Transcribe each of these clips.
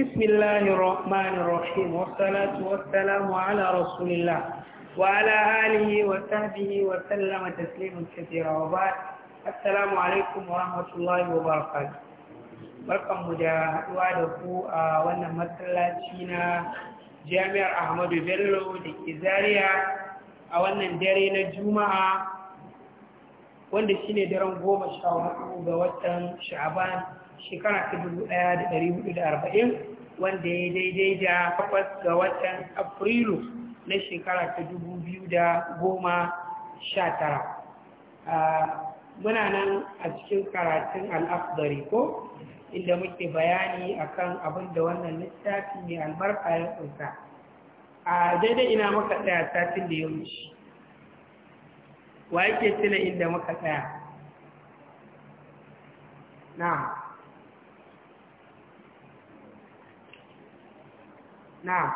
بسم الله الرحمن الرحيم والصلاة والسلام على رسول الله وعلى آله وسلم وبعد السلام عليكم ورحمة الله وبركاته da haɗuwa da ku a wannan na jami'ar ahmadu bello da ke zaria a wannan dare na juma'a wanda shine daren goma sha ga watan sha'aban shekara ta dubu ɗaya da ɗari hudu da arba'in wanda ya daidai da takwas ga watan afrilu na shekara ta dubu biyu da goma sha tara muna nan a cikin karatun al'afdari ko inda muke bayani akan abin da wannan littafi mai albarka ya kunsa a daidai ina maka tsaya satin da ya wuce wa yake tuna inda maka tsaya na na'am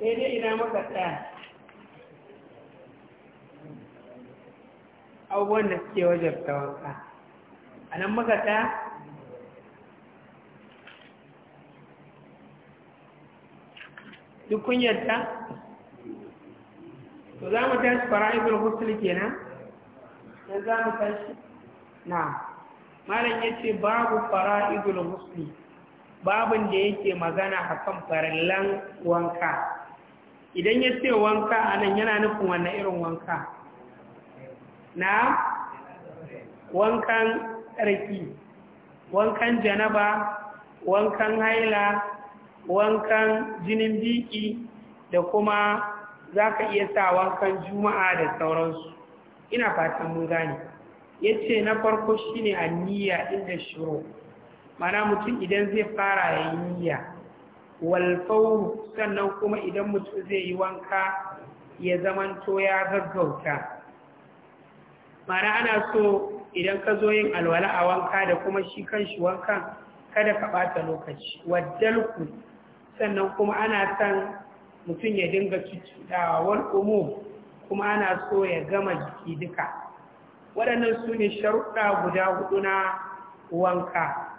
daidai ina muka tsaya abubuwan da suke wajen tawanka a nan muka tsaya duk kun yadda to za mu tashi fara'ibul hussul kenan dan za mu tashi na'am malam yace babu fara'idul musli babin da yake magana akan farallan wanka idan ya ce wanka nan yana nufin wannan irin wanka na wankan tsarki wankan janaba wankan haila wankan jinin biki da kuma za ka iya sa wankan juma'a da sauransu ina fatan mun gane yace na farko shine aniyya inda shiro mana mutum idan zai fara ya wal fawr sannan kuma idan mutum zai yi wanka ya zamanto ya gaggauta mana ana so idan ka zo yin alwala a wanka da kuma shi kanshi shi wankan kada ka bata lokaci waddalku sannan kuma ana san mutum ya dinga cuccuɗawa wal kuma ana so ya gama jiki duka waɗannan su ne sharuɗa guda hudu na wanka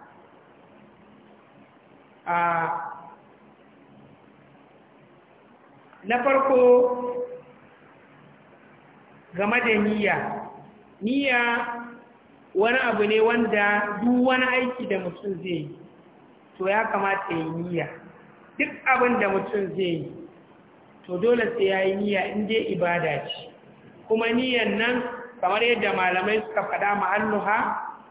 na farko game da niyya niyya wani abu ne wanda duk wani aiki da mutum zai yi to ya kamata yi niyya duk abin da mutum zai yi to dole sai ya yi niyya inda ibada ce kuma niyyan nan kamar yadda malamai suka faɗa ma'alluha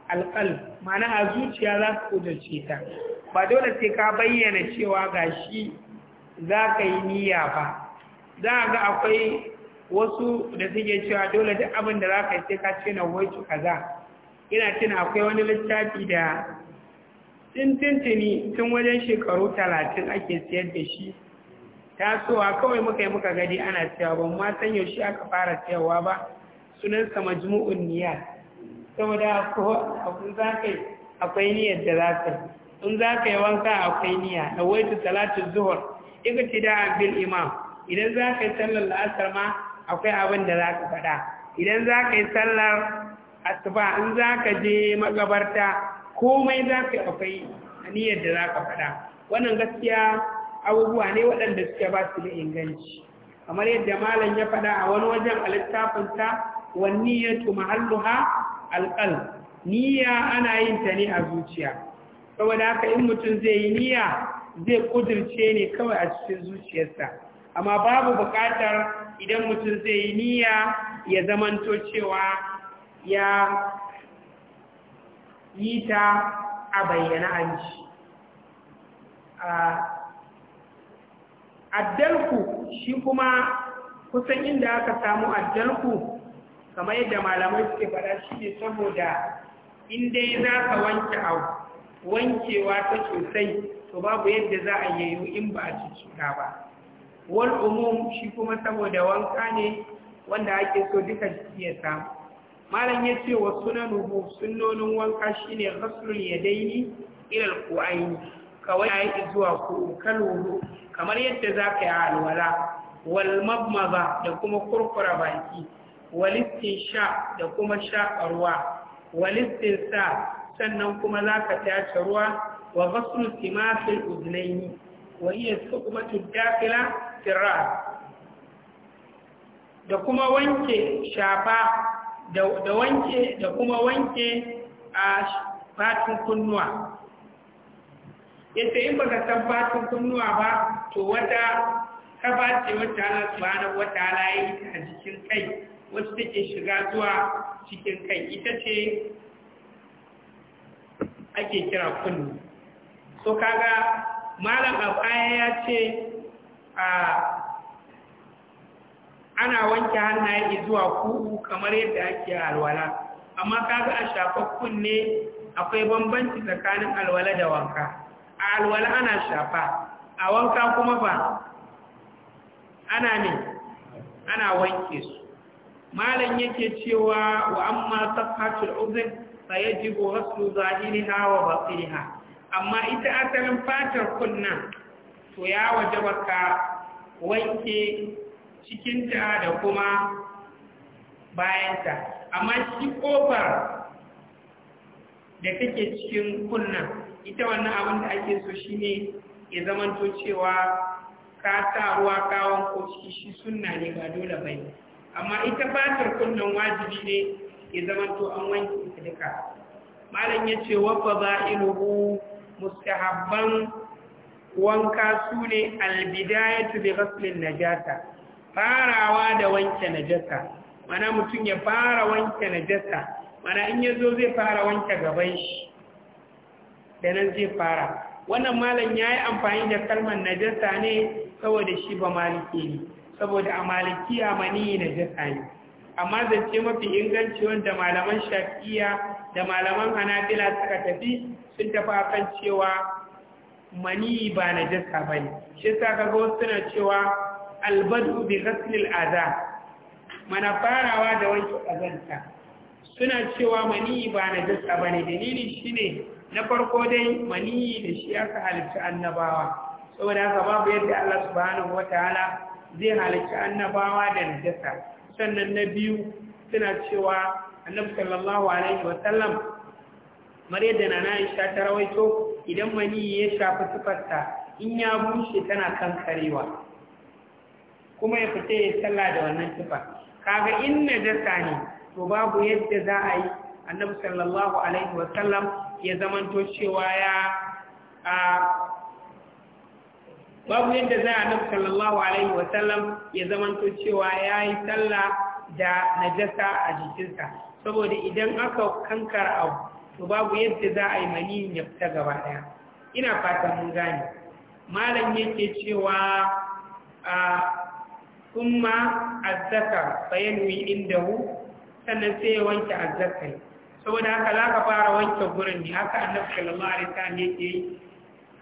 alƙal ma'ana a zuciya za su kudurce ta ba dole sai ka bayyana cewa ga shi za ka yi niyya ba za a ga akwai wasu da suke cewa dole duk abin da za ka yi sai ka ce na kaza ina tuna akwai wani littafi da tintintini tun wajen shekaru talatin ake siyar da shi tasowa kawai muka yi muka gadi ana cewa ban ma san yaushe aka fara siyarwa ba sunansa majmu'un niyyat saboda ko abun za ka yi akwai niyyar da za ka yi in za ka yi wanka akwai niyya waitu salatu zuhur da bil imam idan za ka yi sallar la'asar ma akwai abin da za ka faɗa idan za ka yi sallar asuba in za ka je magabarta komai za ka yi akwai niyyar da za ka faɗa wannan gaskiya abubuwa ne waɗanda suke ba su da inganci kamar yadda malam ya faɗa a wani wajen a ta. wanniyatu mahalluha alqalb niyya ana yin ta ne a zuciya saboda haka in mutum zai yi niyya zai kudirce ne kawai a cikin zuciyarsa amma babu buƙatar idan mutum zai yi niyya ya zamanto cewa ya yi ta a bayyana an shi addalku shi kuma kusan inda aka samu addalku kamar yadda malamai suke faɗa shi ne saboda in dai za ka wanke abu wankewa ta sosai to babu yadda za a yayu in ba a cicika ba wal umum shi kuma saboda wanka ne wanda ake so duka jiki ya samu malam ya ce wa sunanuhu sunnonin wanka shine ya daini ilal alqu'aini kawai ya yi zuwa ku kamar yadda za ka yi alwala wal mabmaza da kuma kurkura baki wal sha da kuma a ruwa sa sannan kuma za ka tace ruwa wa basu timafil uzlaini wa iya sukumatu dakila firar da kuma wanke shafa da wanke da kuma wanke a fatin kunnuwa yace in baka san fatin kunnuwa ba to wata ba ce wata Allah wata ala yi a jikin kai wasu take shiga zuwa cikin kai ita ce ake kira kunni so kaga malam abaya ya ce ana wanke hannaye zuwa kuhu kamar yadda ake alwala amma kaga a shafa kunne akwai bambanci tsakanin alwala da wanka a alwala ana shafa a wanka kuma ba ana ne ana wanke su malam yake cewa wa amma safhatul uzn sayajibu ghaslu zahiriha wa batiniha amma ita asalin fatar kunna to ya wajaba ka wanke cikinta da kuma bayanta amma shi kofar da take cikin kunna ita wannan abin da ake so shine ya zamanto cewa ka ta ruwa kawon ko ciki shi sunna ne ba dole bai amma ita fatar kullum wajibi ne ya zamanto an wanke ita duka malam ya ce wa fada'iluhu mustahabban wanka su ne albidayatu bi ghaslin najasa farawa da wanke najasa mana mutum ya fara wanke najasa mana in ya zo zai fara wanke gaban shi da nan zai fara wannan malam ya yi amfani da kalmar najasa ne saboda shi ba maliki ne saboda a malikiya mani na jasa ne amma zance mafi inganci wanda malaman shafi'iya da malaman hanabila suka tafi sun tafi akan cewa mani ba na jasa ba ne shi sa kaga wasu na cewa albadu bi ghaslil adha mana farawa da wanke kazanta suna cewa maniyi ba na jasa ba ne dalili shine na farko dai maniyi da shi aka halitta annabawa saboda haka babu yadda Allah subhanahu wataala zai halarci annabawa da najasa sannan na biyu suna cewa annabi sallallahu alaihi sallam mare da nana aisha ta rawaito idan mani ya shafi tufarta in ya bushe tana kankarewa kuma ya fita ya salla da wannan tufa kaga in najasa ne to babu yadda za a yi annabi sallallahu alaihi wa sallam' ya zamanto cewa ya a babu yadda za a nabi sallallahu alaihi wasallam ya zamanto cewa ya yi sallah da najasa a jikinsa saboda idan aka kankar abu to babu yadda za a yi maniyin ya fita gaba ɗaya ina fatan mun gane malam yake cewa a kuma azzaka bayan wi hu sannan sai ya wanke azzakai saboda haka za ka fara wanke gurin ne haka annabi sallallahu alaihi wasallam yake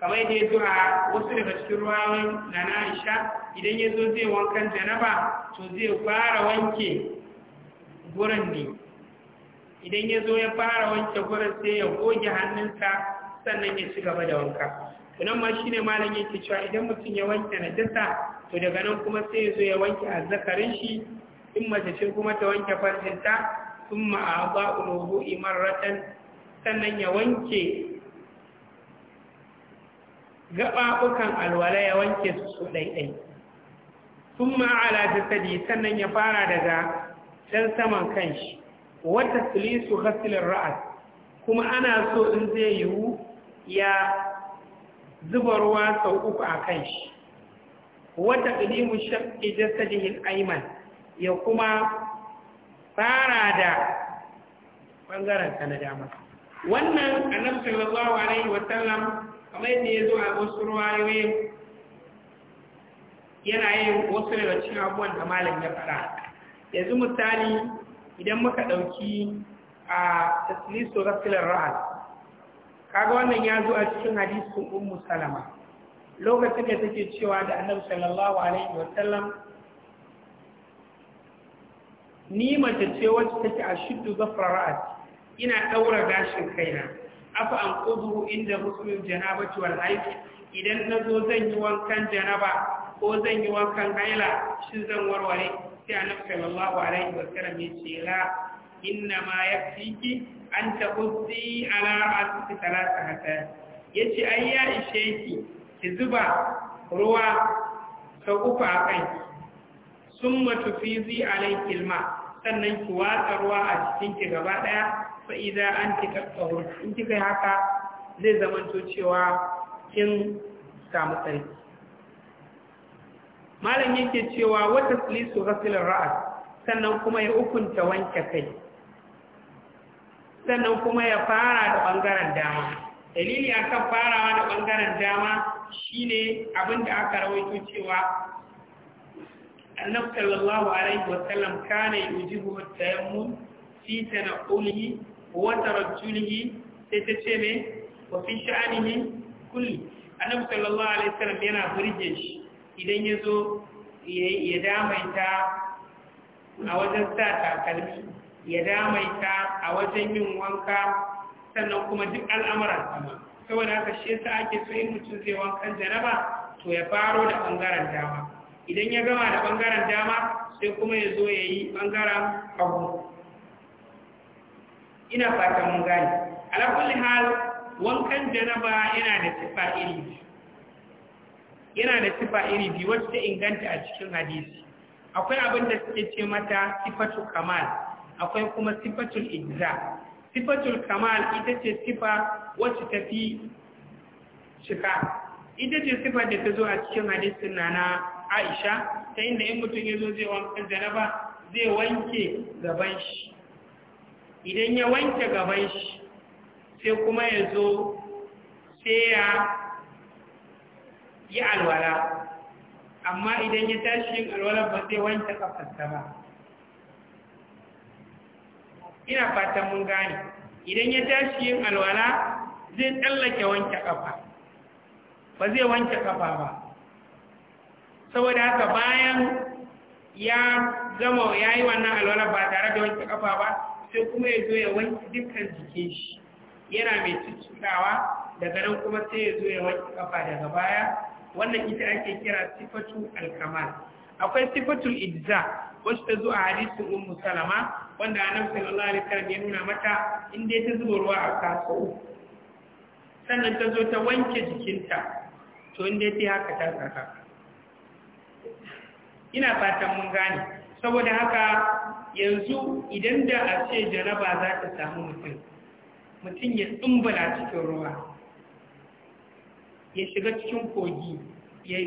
kamar yadda ya zo a wasu daga cikin ruwan na na aisha idan ya zo zai wankan janaba to zai fara wanke gurin ne idan ya zo ya fara wanke gurin sai ya goge hannunsa sannan ya ci gaba da wanka tunan ma shine malam yake cewa idan mutum ya wanke na najasa to daga nan kuma sai ya zo ya wanke a zakarin shi in mace ce kuma ta wanke farjinta sun ma'aba ulubu imarratan sannan ya wanke gaɓaɓukan alwala ya wanke su su ɗaiɗai sun ma'ala sadi sannan ya fara daga ɗan saman kan shi, wata su hasilin ra'as kuma ana so in zai yiwu ya zuba ruwa sau uku a kan shi, wata ƙilimu shaƙi jasadihin aiman ya kuma fara da ɓangaren na dama wannan annabtun sallallahu alaihi wasallam kamar yadda ya zo a wasu ruwayoyin yana yin wasu daga cikin abubuwan da malam ya fara yanzu misali idan muka ɗauki a tasiriso rasilar ra'ad kaga wannan ya zo a cikin hadisin ummu salama lokacin da take cewa da annabi sallallahu alaihi wa sallam ni mace ce wacce take a shiddu zafra ra'ad ina ɗaura gashin kaina afa an kuduru inda muslim janabati wal haid idan na zo zan yi wankan janaba ko zan yi wankan haila shi zan warware sai annabi sallallahu alaihi wasallam ya ce la inna ma yakfiki an ala yace ai ya ishe ki ki zuba ruwa ka kufa a kanki summa tufizi alaikil ma sannan ki watsa ruwa a cikin ki gaba ɗaya. fa an anti qahur in kika haka zai zamanto cewa kin samu tsarki malam yake cewa wata tsilisu rasilin ra'as sannan kuma ya hukunta wanke kai sannan kuma ya fara da ɓangaren dama dalili a kan farawa da ɓangaren dama shine abin da aka rawaito cewa annabi sallallahu alaihi wasallam kana ujihu at-tayammum fi tanqulihi wata rajulihi sai ta ce mai wa sha'anihi kulli annabi sallallahu alaihi wasallam yana burge shi idan ya zo ya damaita a wajen sa takalmi ya damaita a wajen yin wanka sannan kuma duk al'amuran sama saboda haka shi yasa ake so in mutum zai wankan janaba to ya faro da bangaren dama idan ya gama da bangaren dama sai kuma ya zo ya yi bangaren hagu ina fatan mun gane ala kulli hal wankan janaba yana da sifa iri biyu yana da sifa iri bi wacce ta inganta a cikin hadisi akwai abin da suke ce mata sifatu kamal akwai kuma sifatul ijza sifatul kamal ita ce sifa wacce ta fi cika ita ce sifa da ta zo a cikin hadisin na na aisha ta inda in mutum ya zo zai wankan janaba zai wanke gaban shi idan ya wanke gaban shi sai kuma ya zo sai ya yi alwala amma idan ya tashi yin alwala ba sai wanke kafarsa ba ina fatan mun gane idan ya tashi yin alwala zai tsallake wanke kafa ba zai wanke kafa ba saboda haka bayan ya zama ya yi wannan alwala ba tare da wanke kafa ba sai kuma ya zo ya wanke dukkan jikin shi yana mai cikawa daga nan kuma sai ya zo ya wanke kafa daga baya wannan ita ake kira sifatu alkamal akwai Sifatun idza wacce ta zo a hadisin ummu salama wanda annabi sallallahu alaihi wasallam ya nuna mata in dai ta zuba ruwa a kaso sannan ta zo ta wanke jikinta to in dai ta haka ta saka ina fatan mun gane saboda haka yanzu idan da a ce janaba za ta samu mutum mutum ya tsumbala cikin ruwa ya shiga cikin kogi ya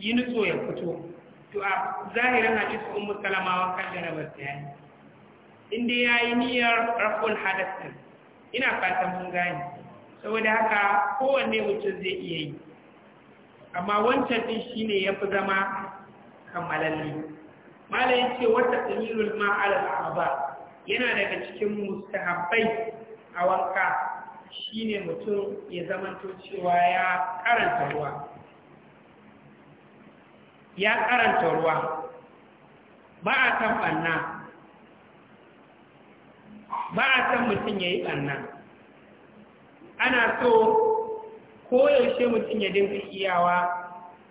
yi nutso ya fito to a zahirin cikin umar salamawa kan janabar ta yi inda ya yi niyyar raful hadasin ina fatan mun gani saboda haka kowanne mutum zai iya yi amma wancan din shine ya fi zama kammalalle malai ce wata tsamilul ma'ala araba yana daga cikin mustahabbai a wanka shine mutum ya zamanto cewa ya karanta ruwa ya karanta ruwa ba a san banna ba a san mutum ya yi banna ana so koyaushe mutum ya dinka iyawa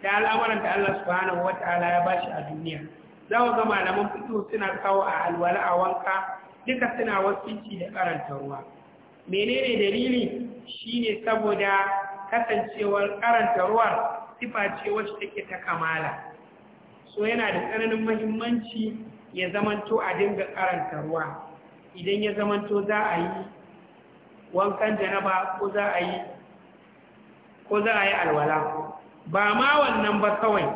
da al'amuran da Allah subhanahu wa ta'ala ya bashi a duniya za ga malaman fito suna kawo a alwala a wanka duka suna wasici da karanta ruwa menene dalili shine saboda kasancewar karanta ruwa sifa ce wacce take ta kamala so yana da tsananin muhimmanci ya zamanto a dinga karanta ruwa idan ya zamanto za a yi wankan janaba ko za a yi ko za a yi alwala ba ma wannan ba kawai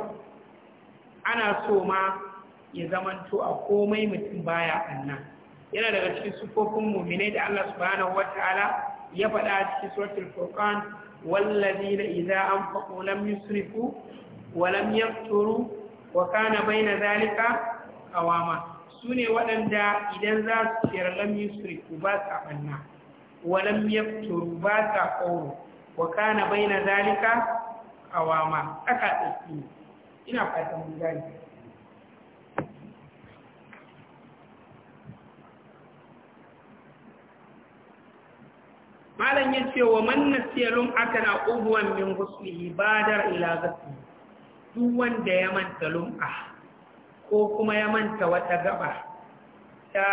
ana so ma ya to a komai mutum baya annan yana daga cikin sufofin mu'minai da Allah subhanahu wataala ya faɗa a cikin suratul furqan wallazina idza anfaqu lam yusrifu wa lam yaqturu wa kana baina zalika qawama sune waɗanda idan za su ciyar lam yusrifu ba sa banna wa lam yaqturu ba sa qawlu wa kana baina zalika qawama aka tsaki ina fatan mun gani malam ya ce wa man nasiya lum'ata na ubuwan min husnihi ibadar ila gasi duk wanda ya manta lum'a ko kuma ya manta wata gaba ta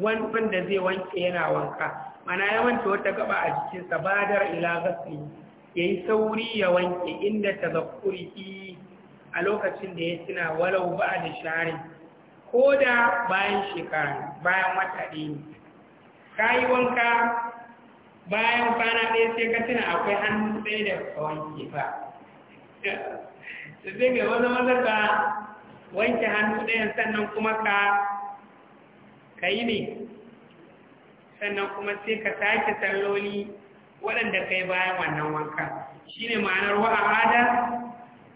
wanda zai wanke yana wanka mana ya manta wata gaba a jikinsa badar ila gasi ya yi sauri ya wanke inda ta zakuri a lokacin da ya tuna walau ba da share ko da bayan shekara bayan wata ɗaya ka yi wanka bayan kwana ɗaya sai ka tuna akwai hannu sai da wanke fa sai ga wani maza ka wanke hannu ɗayan sannan kuma ka ka yi ne sannan kuma sai ka sake salloli waɗanda ka yi bayan wannan wanka shi ne ma'anar wa'ahada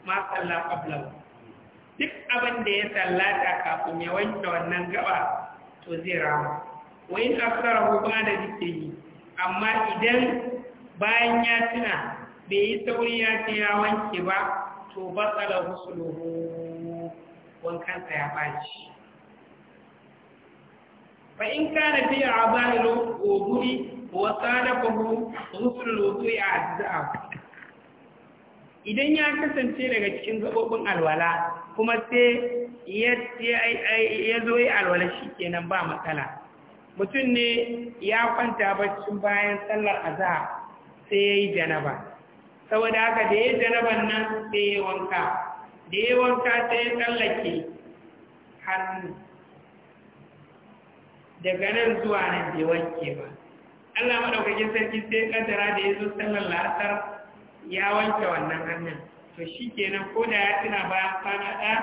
ma tsalla ƙablau duk abin da ya sallata kafin ya wanke wannan gaba to zai rama wa in da ba'da yi, amma idan bayan ya tuna bai yi sauri ya ce ya wanke ba to batsala husuluhu sa ya baci fa in kana fi azalu wudhi wa sadafahu husul wudu'i ajza'a idan ya kasance daga cikin gabobin alwala kuma sai ya zo yi alwala shi kenan ba matsala mutum ne ya kwanta baccin bayan sallar aza sai ya yi janaba saboda haka da ya janaban nan sai ya wanka da ya wanka sai ya tsallake hannu daga nan zuwa nan bai wanke ba Allah maɗaukakin sarki sai kaddara da ya zo sallar la'asar ya wanke wannan hannun to shi kenan ko da ya tuna bayan kwana ɗaya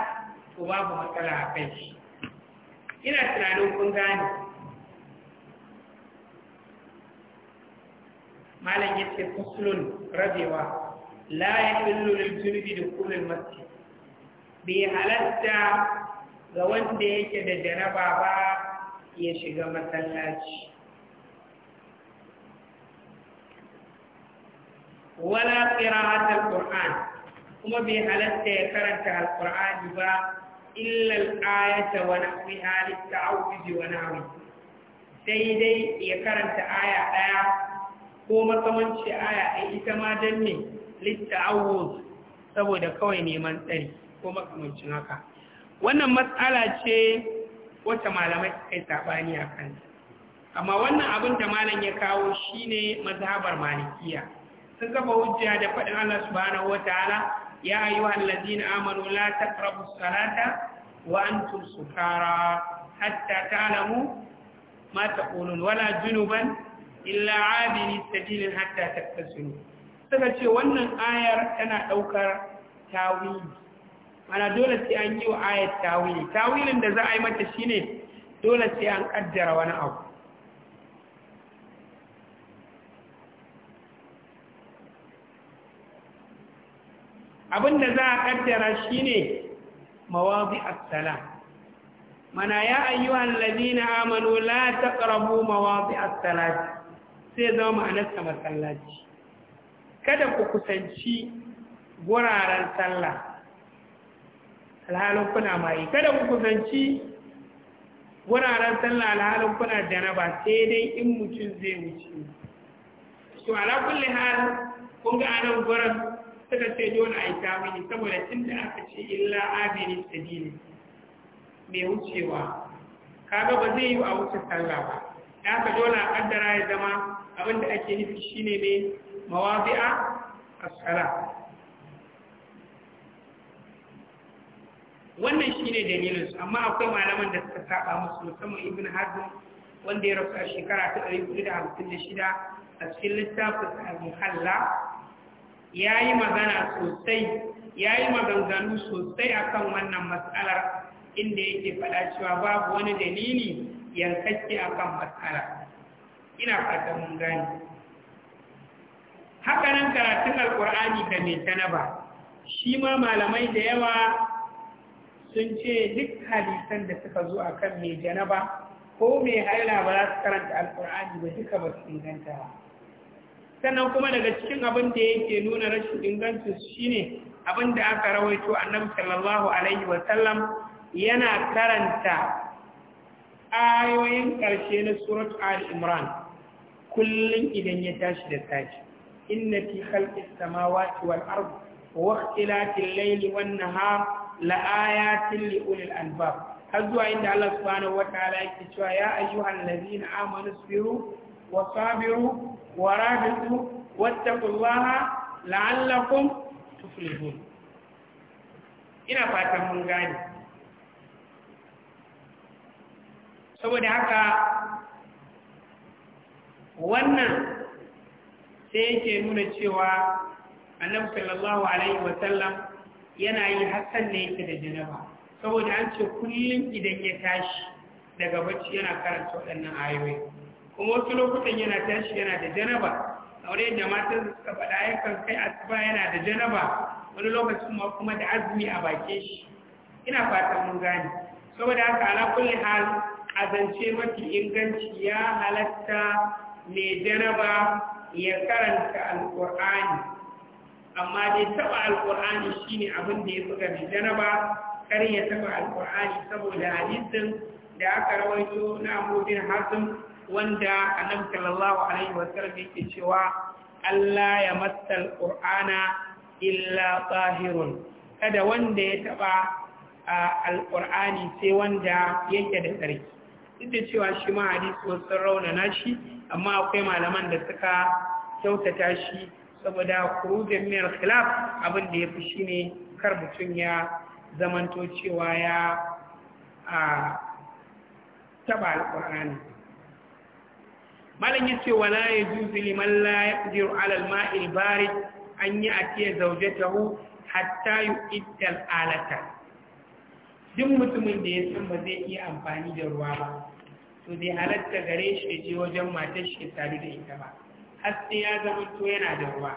to babu matsala a kai shi ina tunanin kun gane malam yace fuslun rabewa la yahillu lil junubi dukhulul masjid bai halatta ga wanda yake da janaba ba ya shiga masallaci wala qira'at Kur'an kuma bai halatta ya karanta Alƙur'ani ba illa al-ayata wa nahwiha lit-ta'awudi wa nahwi sai dai ya karanta aya ɗaya. ko makamanci aya a ita ma don ne awon saboda kawai neman tsari ko makamancin haka wannan matsala ce wata malamai kai sabani a kan amma wannan abin da malam ya kawo shi ne mazhabar malikiya sun kafa hujja da faɗin Allah subhanahu wataala ya ayyuhal ladzina amanu la rabu salata wa antum sukara hatta ta'lamu ma taqulun wala junuban illa abiri sabilin hatta tattasiru Saka ce wannan ayar tana ɗaukar tawili mana dole sai an yi wa ayar tawili tawilin da za a yi mata shine dole sai an ƙaddara wani abu abin da za a ƙaddara shine mawabi assalam mana ya ayyuhan ladina amanu la taqrabu mawabi as-salat sai zama kamar masallaci kada ku kusanci guraren sallah alhalin kuna mai kada ku kusanci wuraren sallah alhalin kuna janaba sai dai in mutum zai wuce to ala kulli hal kun ga anan gurin suka ce dole a yi mini saboda tun da aka ce illa abirin sabili mai wucewa kaga ba zai yi a wuce sallah ba Ya ka dole a kaddara ya zama abinda ake nufi shine ne mawazi'a as-sala wannan shine dalilin su amma akwai malaman da suka saba musu musamman ibn hazm wanda ya rasu a shekara ta shida a cikin littafin al-muhalla yayi magana sosai yayi maganganu sosai akan wannan matsalar inda yake faɗa cewa babu wani dalili yankakke akan mas'alar ina fatan mun gani haka nan karatun alkur'ani da mai janaba shi ma malamai da yawa sun ce duk hadisan da suka zo a kan mai janaba ko mai haila ba za su karanta alkur'ani ba duka ba su inganta ba sannan kuma daga cikin abin da yake nuna rashin inganci shine abin da aka rawaito annabi sallallahu alaihi wasallam yana karanta ayoyin ƙarshe na suratu ali imran kullum idan ya tashi da safe inna fi khalqis samawati wal ardi wa ikhtilafil layli wan nahar la ayatin li ulil albab har zuwa inda Allah subhanahu wataala yake cewa ya ayyuhal ladina amanu sabiru wa sabiru wa rabitu wattaqullaha la'allakum tuflihun ina fatan mun gane saboda haka wannan sai yake nuna cewa annabi sallallahu alaihi wa sallam yana yi hakan ne yake da janaba saboda an ce kullum idan ya tashi daga bacci yana karanta waɗannan ayoyi kuma wasu lokutan yana tashi yana da janaba aure da matan da suka faɗa yakan kai asuba yana da janaba wani lokacin ma kuma da azumi a bakin shi ina fatan mun gane saboda haka ala kulli hal azance mafi inganci ya halatta mai janaba ya karanta alƙur'ani amma dai taɓa alƙur'ani shine abin da ya buga ga mai janaba kar ya taɓa alƙur'ani saboda hadisin da aka rawaito na amudin hasim wanda annabi sallallahu alaihi wa yake cewa Allah ya massa alƙur'ana illa tahirun kada wanda ya taɓa alƙur'ani sai wanda yake da tsarki duk da cewa shi ma hadisi wasu sun raunana shi amma akwai malaman da suka kyautata shi saboda kurujin miyar khilaf abin da ya fi shi ne kar mutum ya zamanto cewa ya taba alƙur'ani malam ya ce wala ya juzu liman la ya alal ma'il bari an yi a ce zaujatahu hatta yi iddal alata duk mutumin da ya san ba zai iya amfani da ruwa ba to zai halatta gare shi je wajen matar shi tare da ita ba har sai ya zama to yana da ruwa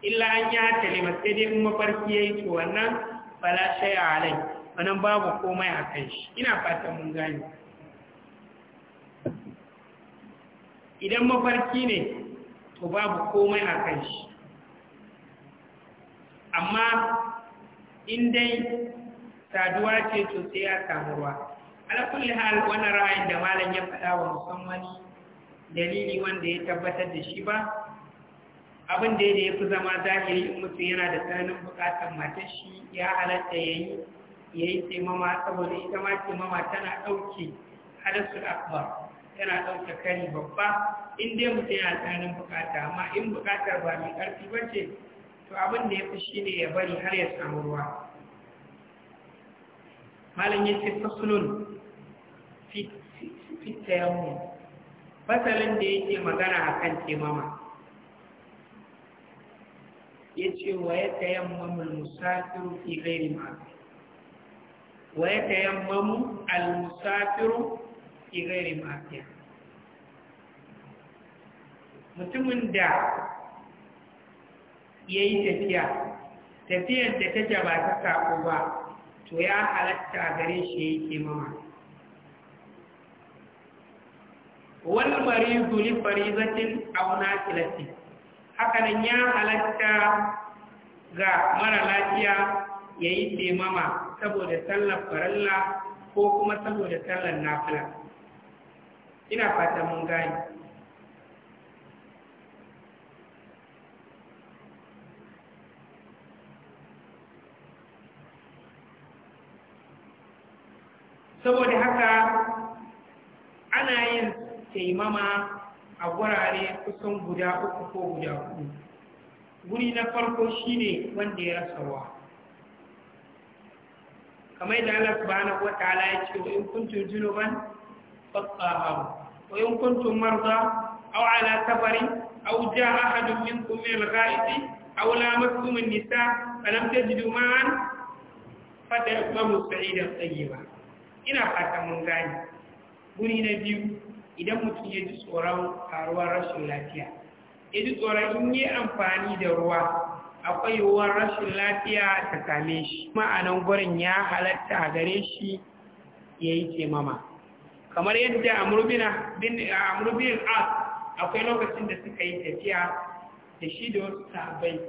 illa an ya talima sai dai in mafarki ya yi to wannan bala shai a halai wannan babu komai a kan shi ina fatan mun gani idan mafarki ne to babu komai a kan shi amma in dai saduwa ce to sai ya samu ruwa ala kulli hal ra'ayin da malam ya faɗa wa musamman dalili wanda ya tabbatar da shi ba abin da ya fi zama zahiri in mutum yana da tsananin buƙatar matar shi ya halatta ya yi ya yi taimama saboda ita ma taimama tana ɗauke hadasul akbar tana ɗauke kari babba in dai mutum yana tsananin buƙata, amma in buƙatar ba mai ƙarfi ba ce to abin da ya fi shi ne ya bari har ya samu ruwa malam ya ce fasulun fitayenmu fasalin da ci magana akan ci mama ya ce wa ya tayammamu musafiru fi gairi ma waye ya al musafir fi gairi mafi mutumin da ya yi tafiya tafiyar da take ba ta ko ba to ya halatta gare shi ya yi taimama wani marizu li farizatin auna haka hakanan ya halatta ga mara lafiya yayi yi taimama saboda sallar faralla ko kuma saboda sallar nafila ina fata mun gani saboda haka ana yin taimama a gurare kusan guda uku ko guda uku guri na farko shi ne wanda ya rasa ruwa kamar da na subhanahu ala ya ce wa in kuntum junuban fattahu wa in kuntum marda aw ala safarin aw jaa ahadun minkum min al-ghaibi aw lamastum an-nisa falam tajidu ma'an fatayammamu sa'idan tayyiban ina fatan mun gane guri na biyu idan mutum ya ji tsoron faruwar rashin lafiya ya ji tsoron in yi amfani da ruwa akwai yiwuwar rashin lafiya ta same shi ma'anan gurin ya halatta a gare shi ya yi taimama kamar yadda amurbin as akwai lokacin da suka yi tafiya da shi da wasu sabai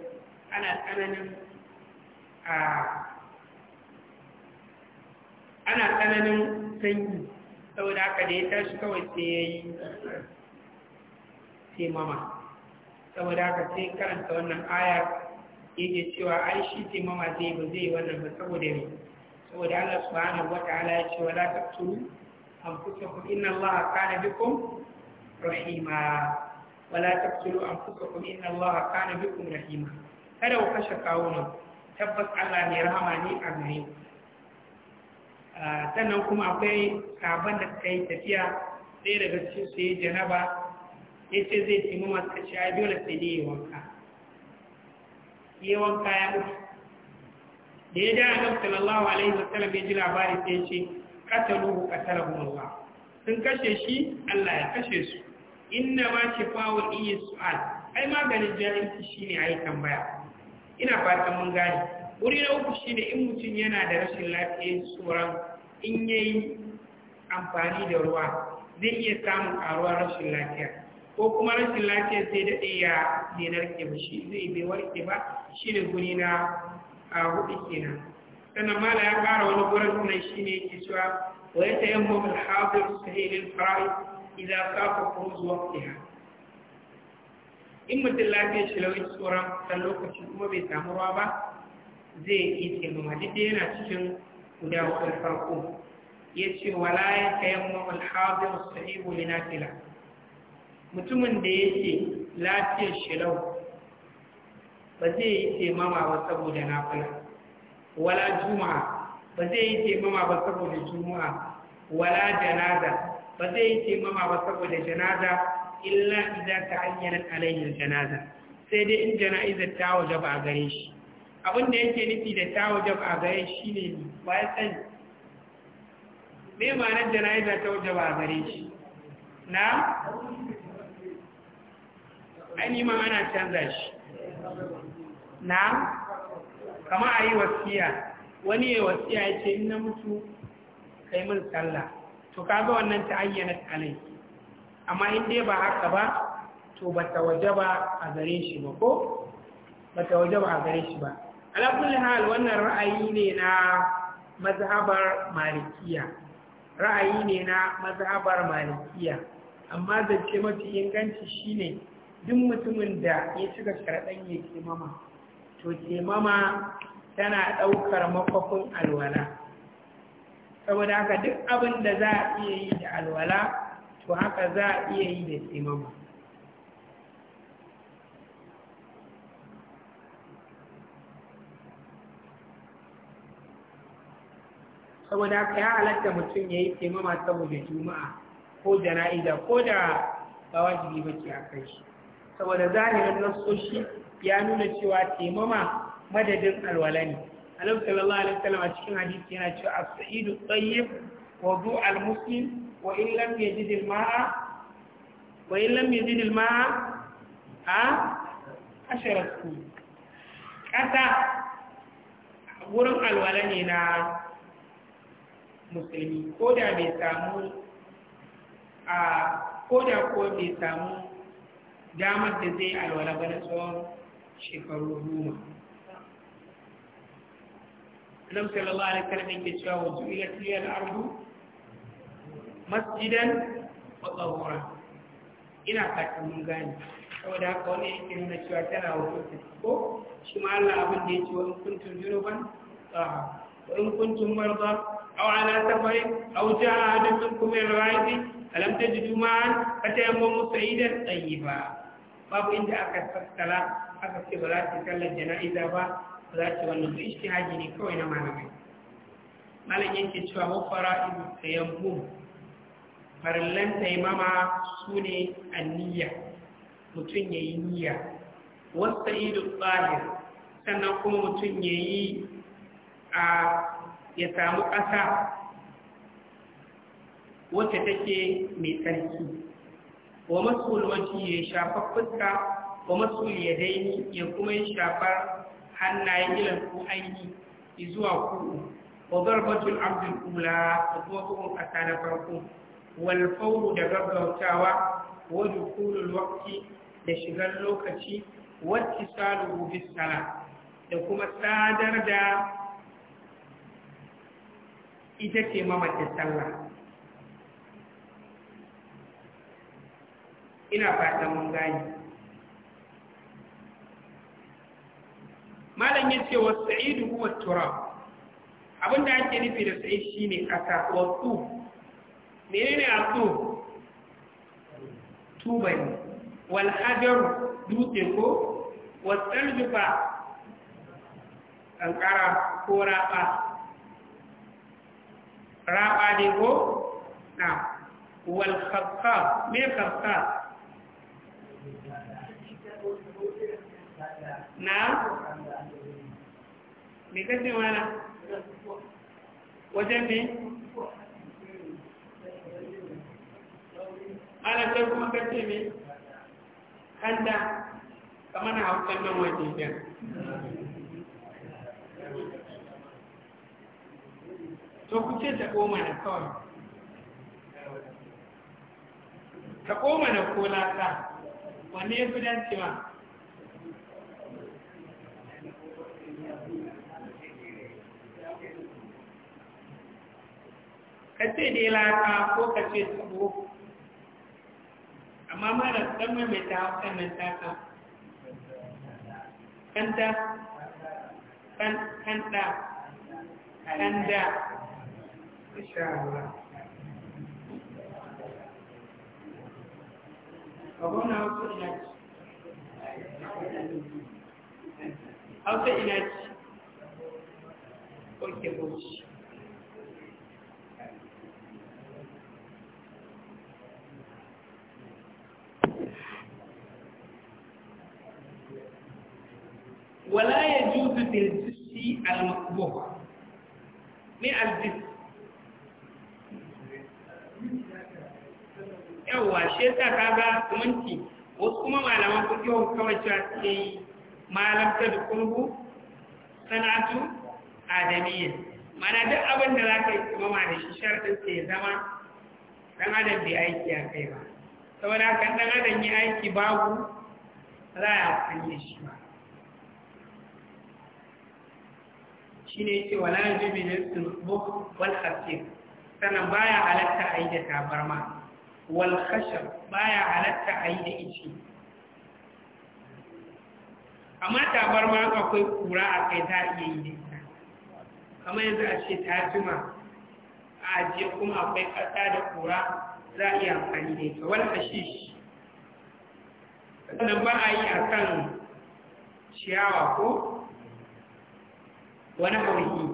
ana tsananin a ana tsananin sanyi saboda haka da ya tashi kawai sai ya yi taimama saboda haka sai karanta wannan aya yake cewa ai shi taimama zai ba zai wannan ba saboda ne saboda Allah subhanahu wataala ya ce wala taqtulu anfusakum inna Allaha kana bikum rahima wala taqtulu anfusakum inna Allah kana bikum rahima kada ku kashe kawunan tabbas Allah ne rahama ne a gare ku Ah, sannan kuma akwai kaban da suka yi tafiya Sai daga cikin su yi janaba ya ce zai taimu masu kashi a dole sai ne yi wanka yi wanka ya mutu da ya dara nan sallallahu alaihi wasallam ya ji labari sai ce kataluhu katalahum Allah sun kashe shi Allah ya kashe su inda ma fawon iya su'al ai maganin ne a yi tambaya ina fatan mun gane wuri na uku ne in mutum yana da rashin lafiya tsoron in yayi amfani da ruwa zai iya samun karuwar rashin lafiya ko kuma rashin lafiya sai da ya ne narke ba shi zai bai warke ba shi ne guri na hudu kenan sannan mala ya kara wani gurin sunan shi ne yake cewa wa ya tayin mu bil fara'i sahilil fara'id idza safa zuwa waqtiha in mutum lafiya shi lauyi tsoron kan lokaci kuma bai samu ruwa ba zai yi taimama duk yana cikin guda hudun farko ya ce wala ya kayan ma'ul haɗin sahibu linafila mutumin da ya ce lafiyar shilau ba zai yi taimama ba saboda nafila wala juma'a ba zai yi taimama ba saboda juma'a wala janaza ba zai yi taimama ba saboda janaza illa idan ta hanyar alayyar janaza sai dai in jana'izar ta waje ba a gare shi abin da yake nufi da ta a gare shi ne ba ya sani me ma'anar jana'iza ta wajaba a gare shi na ainihin ana canza shi na kama a yi wasiya wani ya wasiya ya ce ina mutu kai min sallah to kaga wannan ta ayyana alai amma in dai ba haka ba to ba ta wajaba a gare shi ba ko ba ta a gare shi ba alakulli hal wannan ra'ayi ne na mazhabar malikiya ra'ayi ne na mazhabar malikiya amma zance mafi inganci shine duk mutumin da ya cika sharaɗan ya mama to kemama tana ɗaukar makwafin alwala saboda haka duk abin da za a iya yi da alwala to haka za a iya yi da mama saboda haka ya halatta mutum ya yi taimama saboda juma'a ko jana'iza ko da ba wajibi ba ke a kai shi saboda zahirin nasoshi ya nuna cewa taimama madadin alwala ne lokacin sallallahu a lokacin a cikin hadisi yana cewa a saidu tayyib wudu al-muslim wa in lam yajid al-ma'a wa in lam yajid al a ashirar su ƙasa wurin alwala ne na musulmi ko da bai samu a ko da ko bai samu damar da zai alwala ba na tsawon shekaru goma Annabi sallallahu alaihi wasallam yake cewa wa ju'ilat liyal ardu masjidan wa tahura ina fatan mun gane saboda haka wani yake nuna cewa tana wakilta ko shi ma Allah abin da ya ce wa in kuntum junuban wa in kuntum marda kuma أو على سفر أو جاء أحد منكم من الغائب ألم تجدوا معا فتيمموا سعيدا ba. babu inda aka tattala aka ce ba za ta sallar jana'iza ba ba za ta wannan ba ijtihadi ne kawai na malamai malam yake cewa wa fara'idu tayammum farillan taimama su ne a niyya mutum ya yi niyya wasu ta yi idu tsahir sannan kuma mutum ya yi a ya samu ƙasa wacce take mai tsarki wa masul waje ya shafa fuska wa masul ya daini ya kuma ya shafar hannayen ilan ko aiki zuwa ku'u wa garbatun abdul kula da kuma ƙasa na farko Walfauru da gaggautawa wa dukulul waqti da shigar lokaci wacce salu bisala da kuma sadar da ita ce mamacin sallah ina fatan mun gani malam ya ce wa sa'idu huwa turab abinda ake nufi da sa'id shine kasa wa tu menene a tu ne wal dutse ko wa tsaljufa ƙanƙara ko raɓa. raba ne ko na wal khaffa me khaffa na me kace mana wajen ne ana sai kuma kace me Handa kamar hausan nan wajen to ku ce ta koma na kawai ta koma na ko laka Wani ya fi dancewa ka ce dai laka ko ka ce tabo amma mara tsamma mai ta kan nan taka kanta kanta kanda إن شاء الله أظن قلت بوش ولا يجوز في الجس المقبوح من الجسم yawwa shi yasa kaga minti wasu kuma malaman yawan kawai cewa suke yi malam ta dukunhu sanatu adamiyya mana duk abin da ka yi kuma da shi sharadin sai ya zama dan adam bai aiki a kai ba saboda kan dan adam yi aiki babu za a amfani da shi ba shine yake wala yajibu lil wal hafi? sannan baya halatta aida tabarma wal khashab baya halatta a yi da ice amma ma akwai kura a kai za a iya yi da ita kamar yanzu a ce tajima a ajiye kuma akwai ƙasa da kura za a iya amfani da ita wal hashish sannan ba a yi a kan ciyawa ko wani hauhi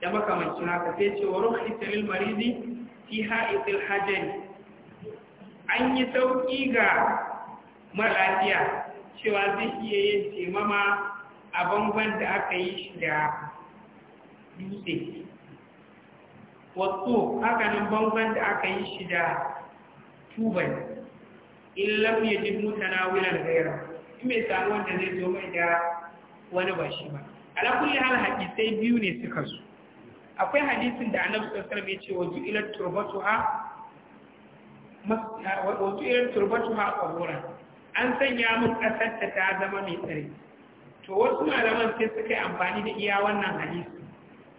da makamancin haka sai ce wa rukhisa lil maridi fi haifil hajjani an yi sauƙi ga malafiya cewa zai iya yin taimama a bangon da aka yi shi da dutse wato hakanan bangon da aka yi shi da tuban in ya duk mutana wilar gaira in mai samu wanda zai zo mai da wani ba ba alakulli hal sai biyu ne suka zo akwai hadisin da annabi sallallahu alaihi wasallam ya ce wa ju'ilat turbatuha wa ju'ilat turbatuha an sanya mun kasar ta ta zama mai tsare. to wasu malaman sai suka yi amfani da iya wannan hadisi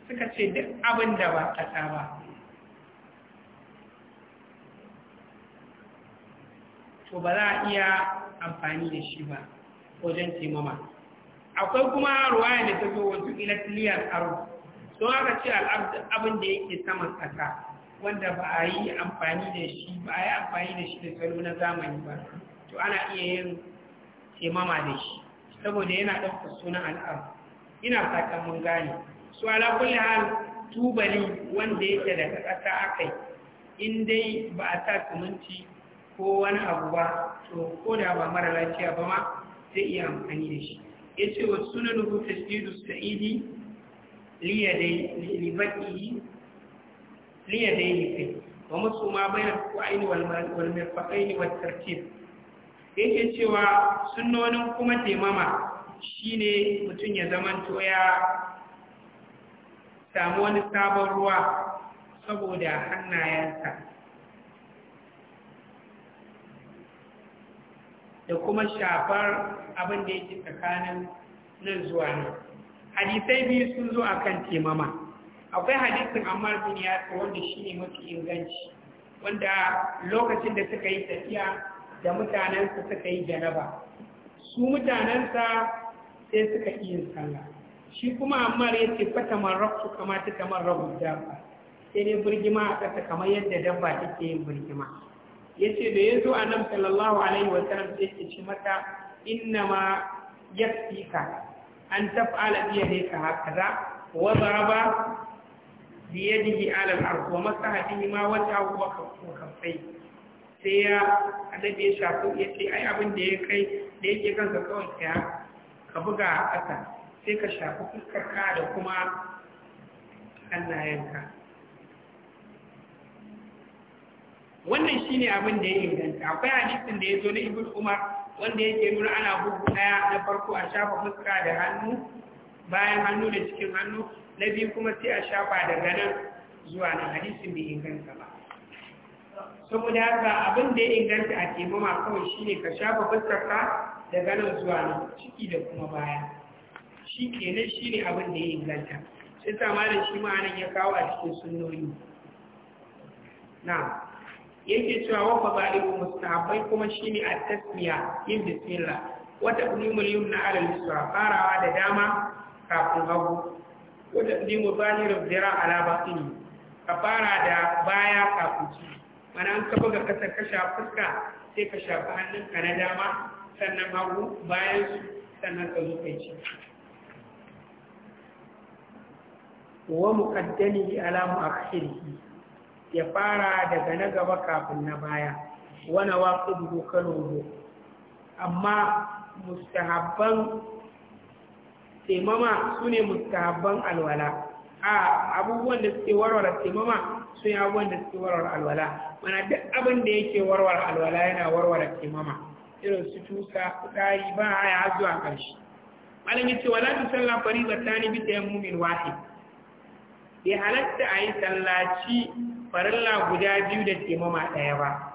suka ce duk abin da ba kasa ba to ba za a iya amfani da shi ba wajen taimama akwai kuma ruwaya da ta zo wajen ilatiliya tsaro don haka ce abin da yake saman ƙasa wanda ba a yi amfani da shi ba a yi amfani da shi da salo na zamani ba to ana iya yin taimama da shi saboda yana ɗaukar sunan al'adu, ina fatan mun gane su ala kulle hal tubali wanda yake daga ƙasa akai in dai ba a sa siminti ko wani abu ba to ko da ba mara lafiya ba ma zai iya amfani da shi yace wa sunan rubuta tasdidu sa'idi ليديه فيه ومس ما بين الكوعين والمرفقين والترتيب yake cewa sunnonin kuma taimama shine mutum ya zamanto ya samu wani sabon ruwa saboda hannayensa da kuma shafar abin da yake tsakanin nan zuwa nan hadisai biyu sun zo akan temama akwai hadisin ammar bin yasir wanda shi ne mafi inganci wanda lokacin da suka yi tafiya da mutanensa suka yi jaraba su mutanensa sai suka iya sallah shi kuma amma ya ce fata marraku kama ta kamar rabu dabba sai ne birgima a ƙasa kamar yadda dabba take yin birgima ya ce da ya zo a nan sallallahu alaihi wa sai ke ci mata inna ma yafika an taf'ala biya ne ka hakaza wa zaraba biyadihi ala al-ard wa masaha bihi ma wajhahu wa kaffai sai ya annabi ya shafi ya ce ai abin da ya kai da yake kansa kawai ka ka buga a ƙasa sai ka shafi fuskar ka da kuma hannayenka wannan shine abin da ya inganta akwai hadisin da ya zo na ibnu umar wanda yake nuna ana bugu daya na farko a shafa fuska da hannu bayan hannu da cikin hannu na biyu kuma sai a shafa daga nan zuwa na hadisin bai inganta ba saboda haka abin da ya inganta a taimama kawai shine ka shafa fuskarka daga nan zuwa nan ciki da kuma baya shi kenan shine abin da ya inganta sai malam shi ma'anan ya kawo a cikin sunnoni na'am yake cewa wa fada'ilu mustahabbai kuma shine at-tasmiya yin bismillah wa taqdimul yumna 'ala al-yusra farawa da dama kafin hagu wa taqdimu zahiru dhira 'ala batini ka fara da baya kafin ci mana an kafa ga kasa kasha fuska sai ka shafi hannunka na dama sannan hagu bayan su sannan ka zo kai ci wa muqaddamihi ala mu'akhirihi ya fara daga na gaba kafin na baya wani waƙi buhu kaloro amma mustahabban taimama su ne mustahabban alwala a abubuwan da suke warware taimama su yi abubuwan da suke warware alwala mana duk abin da yake warware alwala yana warware taimama irin su tusa kudari ba a ya zuwa ƙarshe malam ce wala tusalla fariqatan bi tayammumin wahid bi halatta yi sallaci farilla guda biyu da taimama ɗaya ba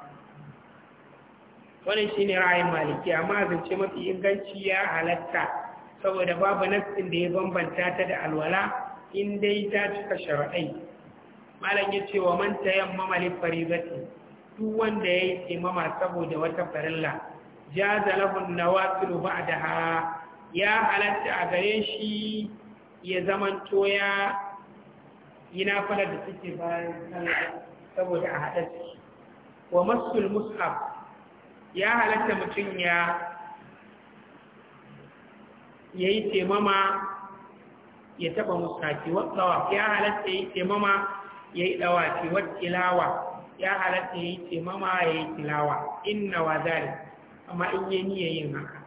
wannan shi ne ra'ayin maliki amma zance mafi inganci ya halatta saboda babu nassin da ya bambanta ta da alwala in dai ta cika shara'ai. malam ya ce wa manta yamma malin zati duk wanda ya yi taimama saboda wata farilla ja zalahun na wasu ba da ha ya halatta a gare shi ya zamanto ya ina nafalar da suke bayan sallah saboda a haɗa ciki wa masul mushaf ya halatta mutum ya yayi temama ya taba mushafi wa tsawa ya halatta yayi temama yayi dawafi wa tilawa ya halatta yayi temama yayi tilawa inna wa zalik amma in yayi niyyar yin haka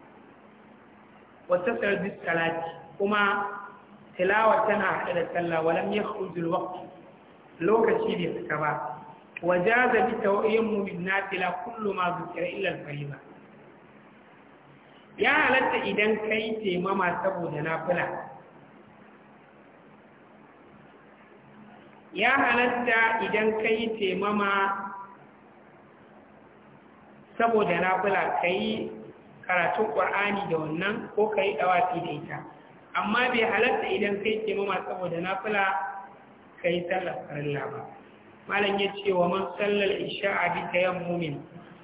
wa tasarrif salati kuma tilawar tana haɗe da sallah walam ya khujul waƙi lokaci bai suka ba ta bi tawayyin na tila kullum ma zikira illar al-fariba ya halatta idan kai taimama saboda fula ya halatta idan kai taimama saboda ka yi karatun ƙwar'ani da wannan ko kai fi da ita amma bai halatta idan kai ke mama saboda ka yi sallar karalla ba malam ya ce wa man sallar isha a yan mumin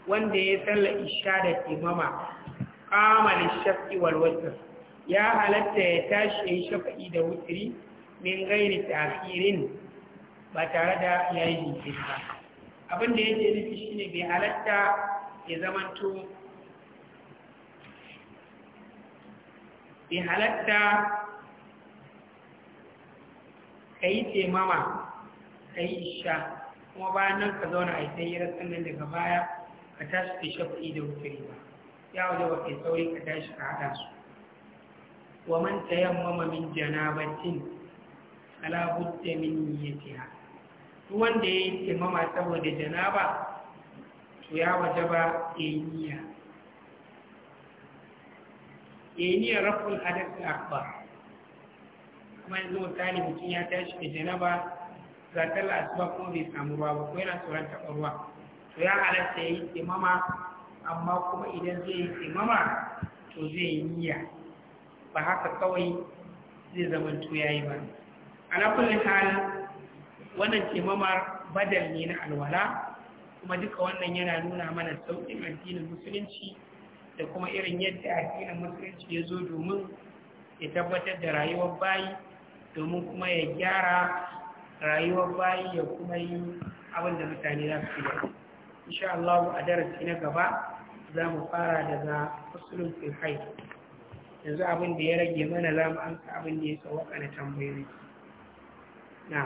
wanda ya sallar isha da imama kama da shafi walwatar ya halatta ya tashi ya yi shafa'i da wuturi, min gairi ta'khirin ba tare da yayi jinkiri ba abin da yake nufi shine bai halatta ya zamanto bai halatta ka yi taimama ka yi isha kuma bayan nan ka zauna a ita hira sannan daga baya ka tashi ka shafi da wuturi ba ya waje wa kai sauri ka tashi ka haɗa su wa man tayammama min janabatin ala min niyyatiha duk wanda ya yi taimama saboda janaba to ya wajaba ba ya yi niyya ya yi niyyar akbar kuma yanzu misali mutum ya tashi da janaba ga talla asuba kuma bai samu ruwa ba ko yana tsoron taɓa ruwa to ya halatta ya yi tsimama amma kuma idan zai yi tsimama to zai yi niyya ba haka kawai zai zama ya yi ba na kullum hal wannan timamar badal ne na alwala kuma duka wannan yana nuna mana sauƙin addinin musulunci da kuma irin yadda addinin musulunci ya zo domin ya tabbatar da rayuwar bayi domin kuma ya gyara rayuwar bayi ya kuma yi abin da mutane za su da insha Allah a darasi na gaba za mu fara daga Musulunci filhai yanzu abin da ya rage mana za mu ka abin da ya sauwaka na tambayoyi na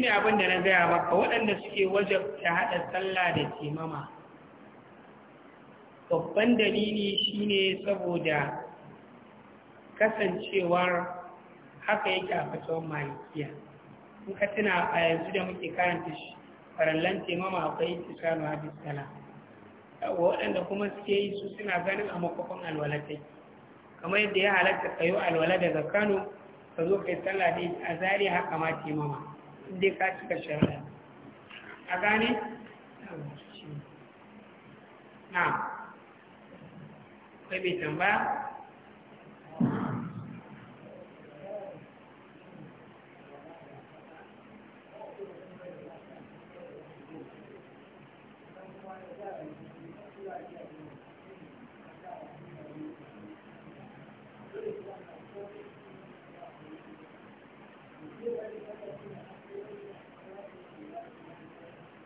ne abin da na gaya maka waɗanda suke ta haɗa sallah da timama babban dalili ne saboda kasancewar haka yake a fashon malikiya in ka tuna a yanzu da muke karanta shi farallan taimama akwai tisanu hadis sala waɗanda kuma suke yi su suna ganin a makwakon alwalatai kamar yadda ya halatta kayo alwala daga kano ka zo kai sallah da a zari haka ma taimama inda ka cika shari'a a gane? na kai mai tambaya?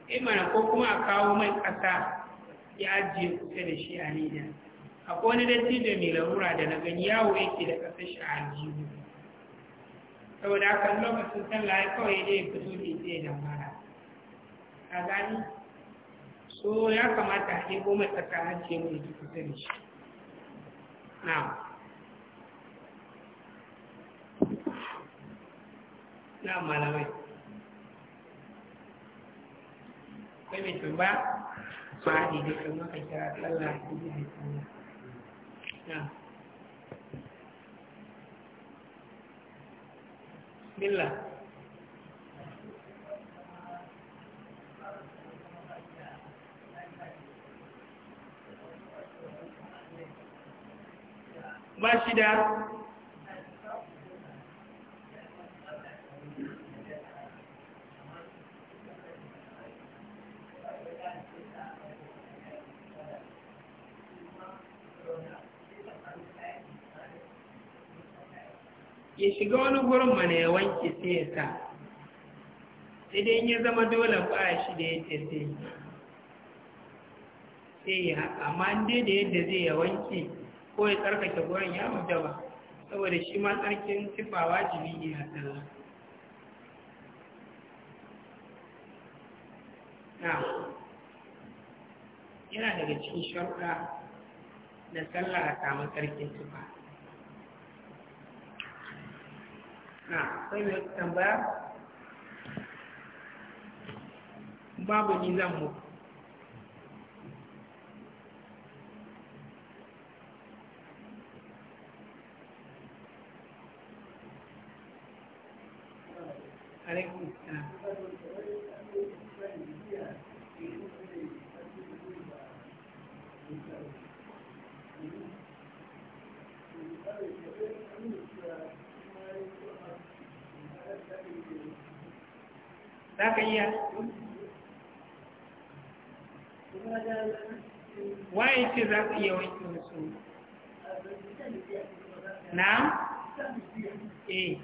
imana eh ko kuma a kawo mai ƙasa ya ajiye kusa da shi a nida akwai wani dattijo mai larura da na gani yawo yake da ƙasar shi a aljihu saboda haka lokacin sallah ya kawai dai fito da ita da damara a gani so ya kamata a ɗebo mai ƙasa a ajiye mai ita kusa da shi Na malamai với mình thử bác dạ. thì thì chúng nó thành là như thế nào nên là ba shida ya shiga wani gurin mana ya wanke sai ya sa sai dai ya zama dole ba shi da ya ce sai sai ya amma dai da yadda zai ya wanke ko ya tsarkake gurin ya ba saboda shi ma tsarkin sifa wajibi ne a sallah na yana daga cikin sharuɗa na sallah a samun tsarkin sifa na sai tambaya babu ni zan su iya wanke su na? eh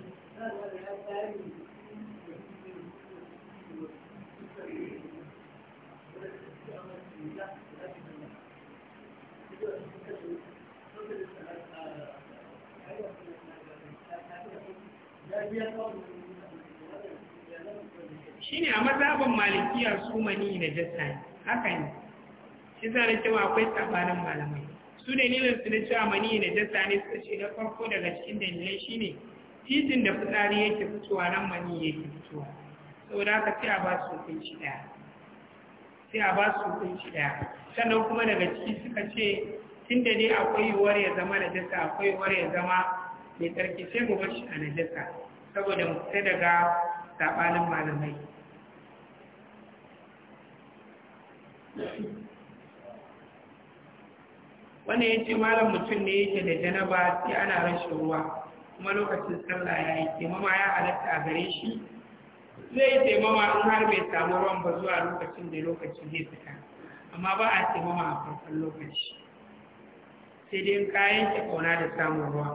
shi ne a mazhabin malikiya su mani da jasa haka ne shi za da cewa akwai tsabanin malamai su ne nilin su na cewa mani da jasa ne suka ce na farko daga cikin dalilai shine titin da fitsari yake fitowa nan mani yake fitowa da aka ce a ba su hukunci ɗaya sai a ba su shi daya sannan kuma daga ciki suka ce tun da dai akwai yiwuwar ya zama na jasa akwai yiwuwar ya zama mai tsarki sai mu bar shi a na jasa saboda mu fita daga saɓanin malamai wannan ya ce malam mutum ne yake da janaba sai ana rashin ruwa kuma lokacin sallah ya yi taimama ya halatta a gare shi zai yi taimama in har bai samu ruwan ba zuwa lokacin da lokacin zai fita amma ba a taimama a farkon lokaci sai dai kayan ke kauna da samun ruwa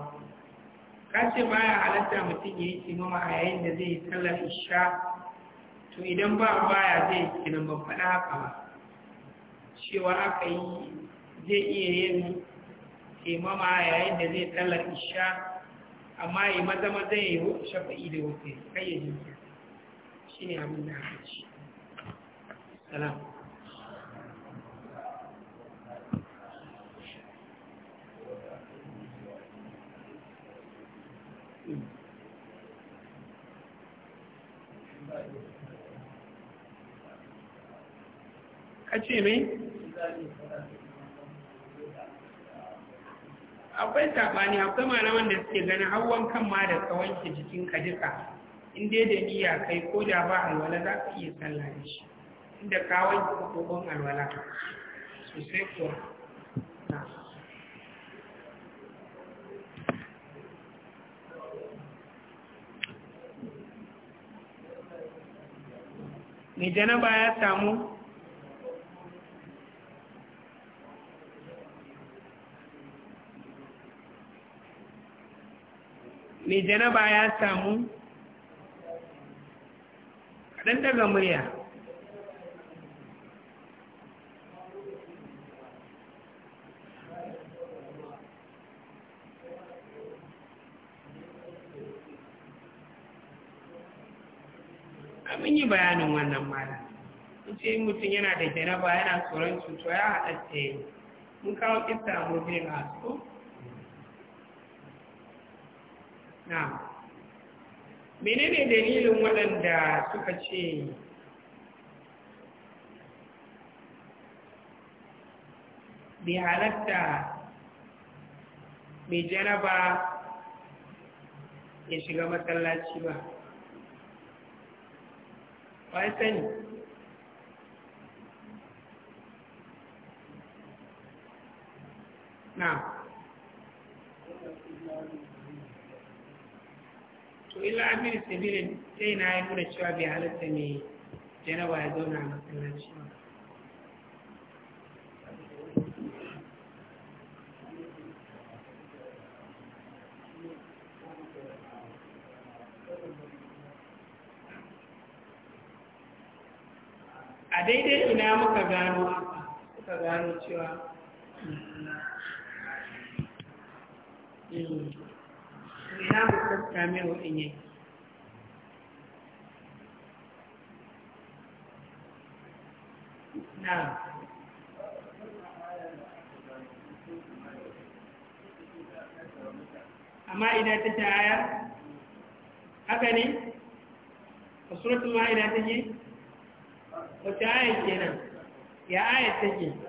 ka ce ba ya halatta mutum ya yi taimama a yayin da zai yi sallar isha to idan ba baya zai yi kinan ban faɗa haka ba cewa aka yi zai iya yin taimama yayin da zai tsallar isha amma yi maza zai ya yi shafa'i da wuce kai ya shi ne abin da aka ci salam ka mai akwai sabani akwai malaman da suke ganin hawan kan ma da tsawon shi jikin ka duka in dai da niyya kai ko da ba alwala za ka iya sallah da shi inda ka wanke kokon alwala sosai kuwa mai janaba ya samu Me janaba ya samu kaɗan daga murya amin yi bayanin wannan mara ce mutum yana da janaba yana tsoron cuto ya haɗa ce mun kawo kisa mu bin asu na menene dalilin waɗanda suka ce bai halatta mai janaba ya shiga matsalaci ba ba ya sani na to illa amir sabirin sai na yi nuna cewa bai halatta mai janaba ya zauna a masallaci ba a daidai ina muka gano suka gano cewa mm ina mutum kamiru in yi na amma ina ta ta aya haka ne a suratun ma'ida ta ke wata aya ke nan? ya aya ta ke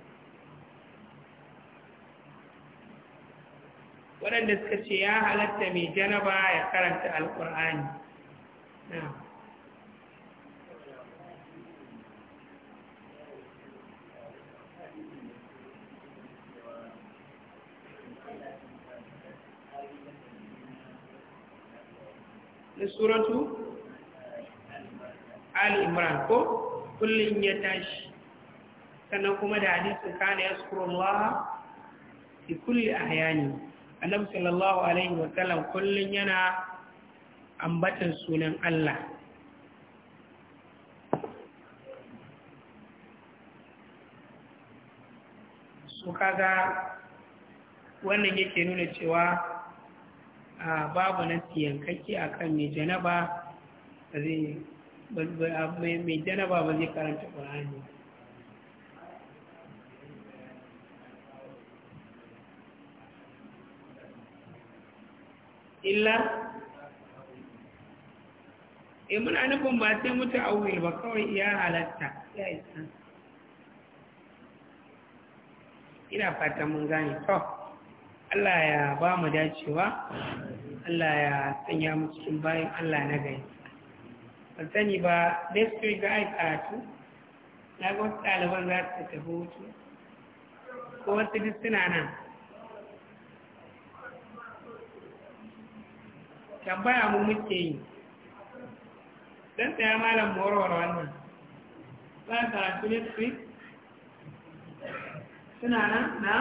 waɗanda suka ce ya halatta mai janaba ya karanta alkur'ani da suratu al-imran ko kullum ya tashi sannan kuma da hadisun kana ya sukurun laha fi kulli ahyani annabi sallallahu alaihi sallam kullum yana ambatan sunan Allah su kaga wannan yake nuna cewa babu nan tiyankaki akan mai janaba ba zai mai janaba ba karanta ƙwararri illa e muna nufin ba sai mutu awil ba kawai ya halatta ya isa ina fata mun gane to Allah ya ba mu dacewa Allah ya sanya mu cikin bayan Allah na gani ban sani ba next week ga ai karatu na ga wasu ɗaliban za su tafi hutu ko wasu duk suna nan tambaya mu muke yi don tsaya malam warware wannan ba karatu next week suna nan na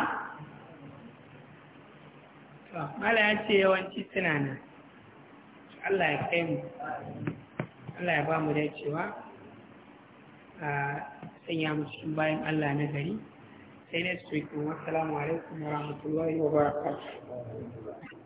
mala ya ce yawanci suna nan Allah ya kai mu Allah ya ba mu da cewa a sanya mu cikin bayan Allah na gari sai su yi kuma salamu alaikum wa rahmatullahi wa barakatuh